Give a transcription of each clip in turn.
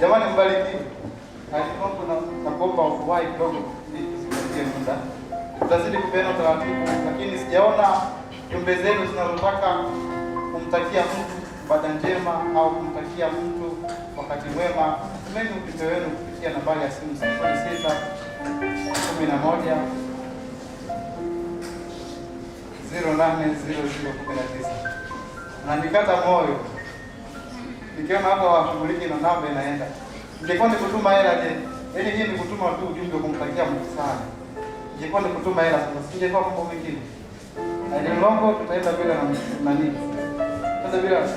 Jamani, mbariki nakuomba ufuai kidogo zingatie muda, tutazidi kupenda taratibu, lakini sijaona jumbe zenu zinazotaka kumtakia mtu baada njema au kumtakia mtu wakati mwema. Tumeni upite wenu kupitia nambari ya simu sifuri sita kumi na moja zero nane zero zero kumi na tisa. Nanikata moyo nikiona hapa washughuliki na namba inaenda, ingekuwa ni kutuma hela je? Yaani hii ni kutuma tu ujumbe kumpatia mtu sana, ingekuwa ni kutuma hela sasa, singekuwa mambo mengine. Aidilongo tutaenda bila na nini tutaenda bila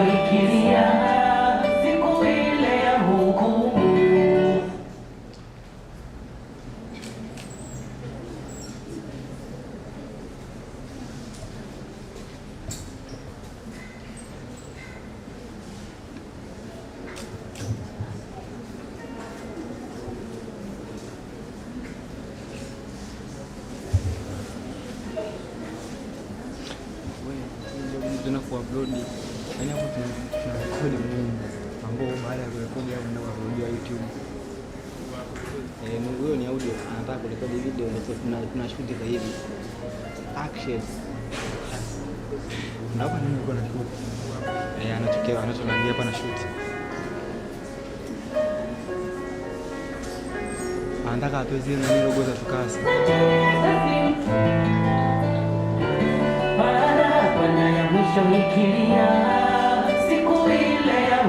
victoria. kataa kurekodi video, tunashuti hivi action na hapa nini uko na shuti eh, anachonaambia hapa na shuti, anataka atoe nani logo za tukasi mwisho nikilia siku ile ya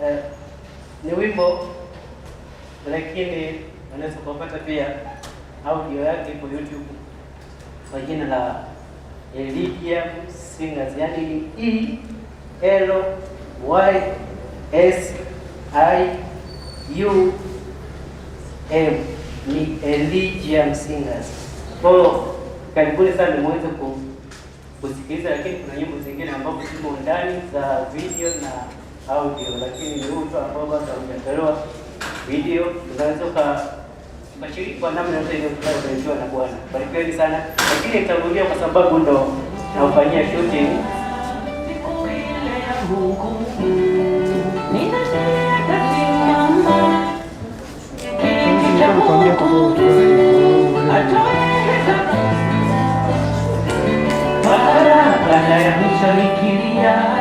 Eh, ni wimbo lakini unaweza kupata pia audio yake kwa YouTube kwa jina la Elidia Singers, yani E L Y S I U M, ni Elidia Singers. Kwa karibuni sana muweze kusikiliza, lakini kuna nyimbo zingine ambapo zimo ndani za video na audio, lakini ni mtu ambao bado hujatolewa video, unaweza ukashiriki kwa namna yote ile na Bwana. Barikiweni sana, lakini nitarudia kwa sababu ndo naufanyia shooting baada ya kushabikia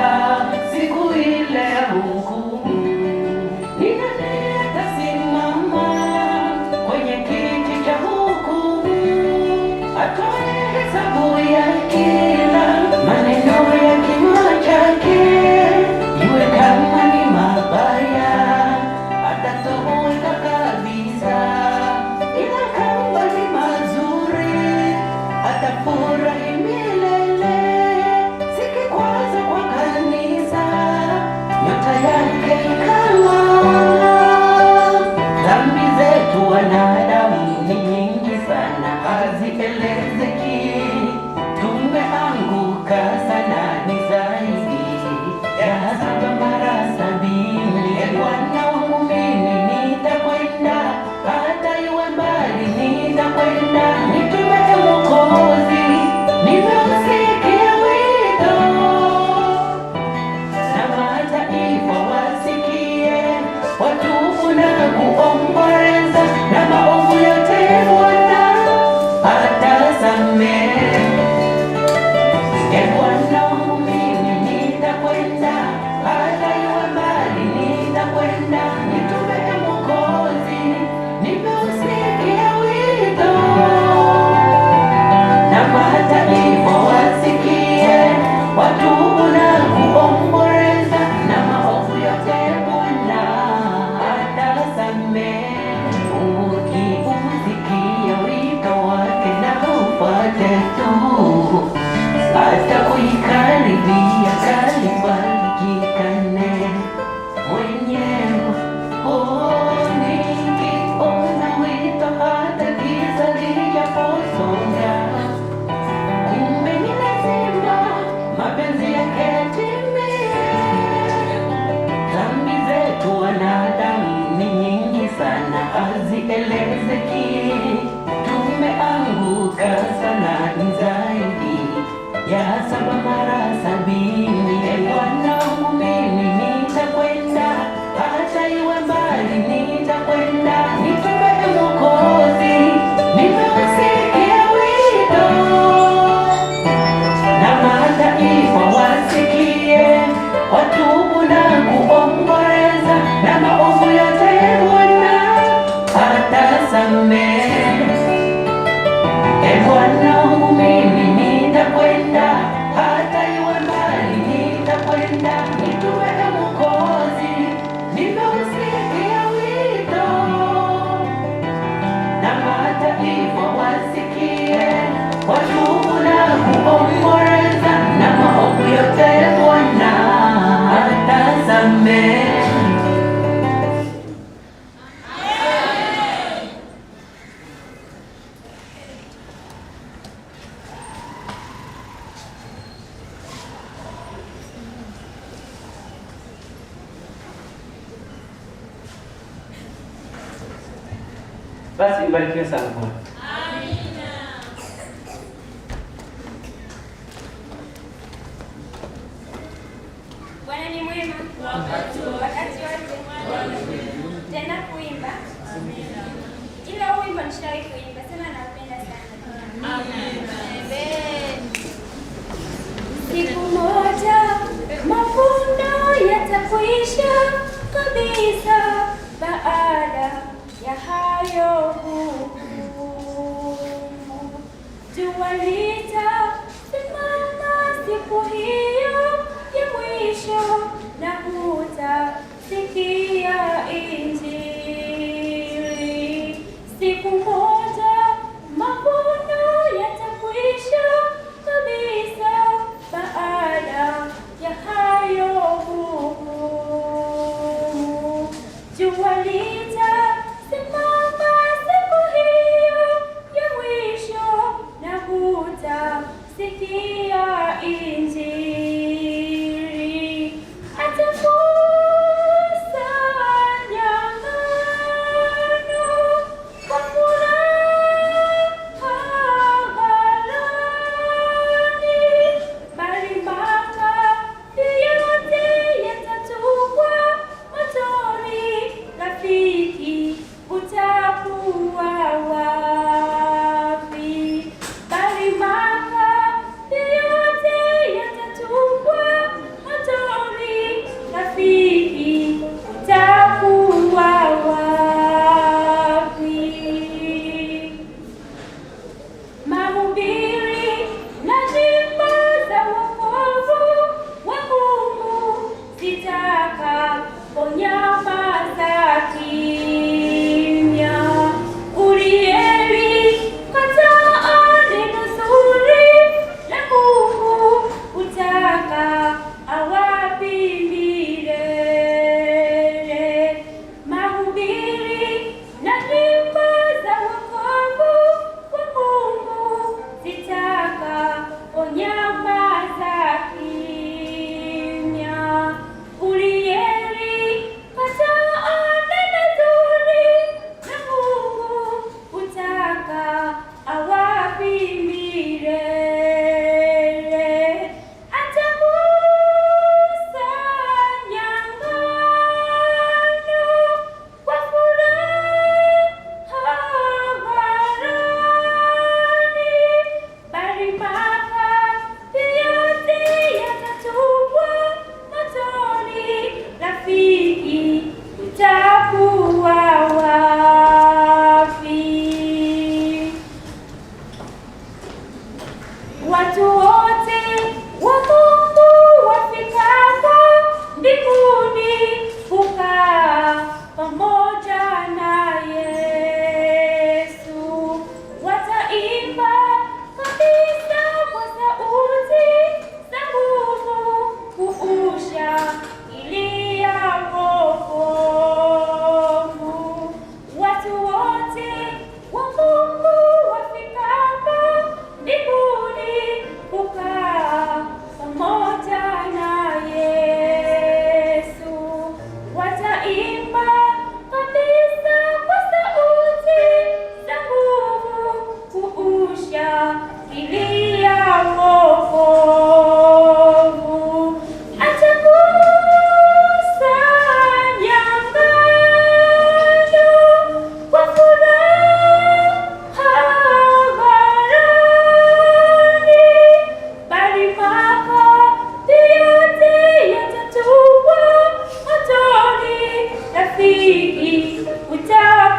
Basi mbarikiwe sana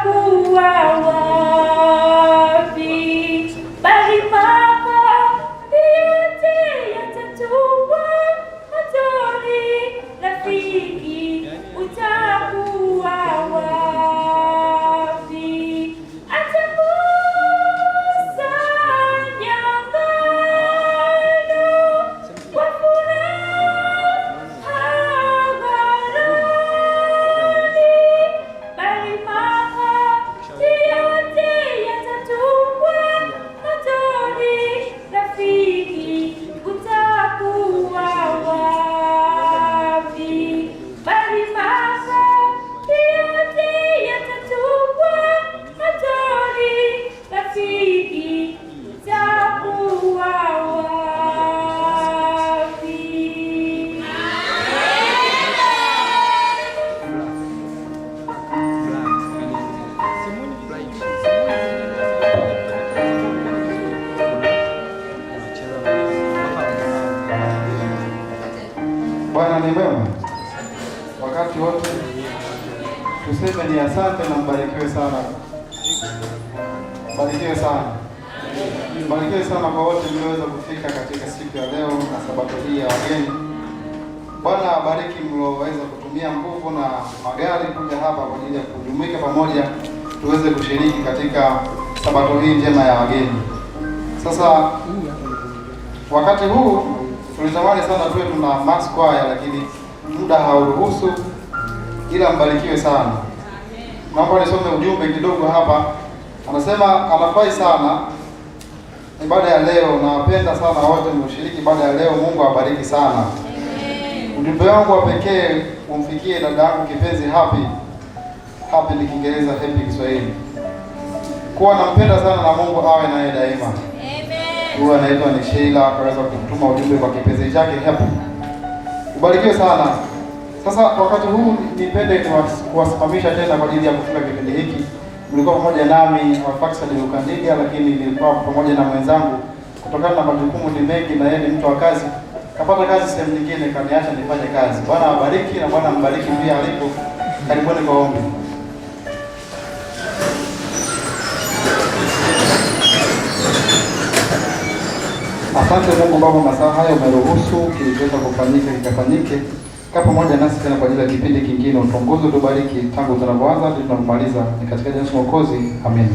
kuwa Bwana abariki mlioweza kutumia nguvu na magari kuja hapa kwa ajili ya kujumuika pamoja tuweze kushiriki katika sabato hii njema ya wageni. Sasa wakati huu tulitamani sana tuwe tuna mass choir, lakini muda hauruhusu, ila mbarikiwe sana. Naomba nisome ujumbe kidogo hapa. Anasema anafai sana ibada ya leo, napenda sana wote mshiriki ibada ya leo. Mungu awabariki sana. Ujumbe wangu wa pekee umfikie dada yangu kipenzi Happy. Happy ni Kiingereza, Happy Kiswahili. Kuwa nampenda sana na Mungu awe naye daima. Amen. Huyu anaitwa ni Sheila, akaweza kumtuma ujumbe kwa kipenzi chake Happy. Ubarikiwe sana. Sasa wakati huu nipende kuwasimamisha tena kwa ajili ya kufunga kipindi hiki. Mlikuwa pamoja nami Faxad Lukandiga, lakini nilikuwa pamoja na mwenzangu kutokana na majukumu ni mengi na yeye ni mtu wa kazi kapata kazi sehemu nyingine, kaniacha nifanye kazi. Bwana awabariki na Bwana mbariki pia alipo. Karibuni kwa ombi. Asante Mungu Baba, masaa haya umeruhusu kilichoweza kufanyika kikafanyike. Kaa pamoja nasi tena kwa ajili ya kipindi kingine, utuongoze, utubariki tangu tunapoanza hadi tunapomaliza, ni katika jina la Mwokozi, amen.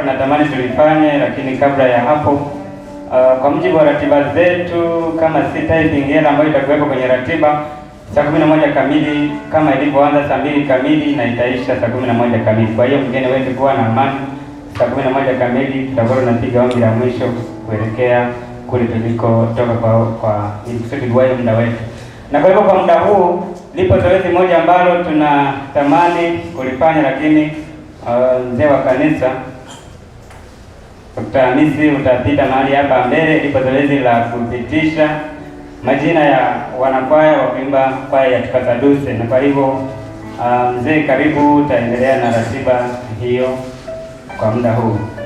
tunatamani tulifanye, lakini kabla ya hapo uh, kwa mjibu wa ratiba zetu kama si typing error ambayo itakuwepo kwenye ratiba saa kumi na moja kamili kama ilivyoanza saa mbili kamili na itaisha saa kumi na moja kamili. Kwa hiyo mgeni wetu kuwa na amani, saa kumi na moja kamili tutakuwa tunapiga ombi la mwisho kuelekea kule tulikotoka kwa kwa ilikusudi muda wetu. Na kwa hivyo kwa muda huu lipo zoezi moja ambalo tunatamani kulifanya, lakini uh, mzee uh, wa kanisa Mtaanisi utapita mahali hapa mbele ndipo zoezi la kupitisha majina ya wanakwaya wa kuimba kwaya ya Tukazaduse, na kwa hivyo ah, mzee, um, karibu utaendelea na ratiba hiyo kwa muda huu.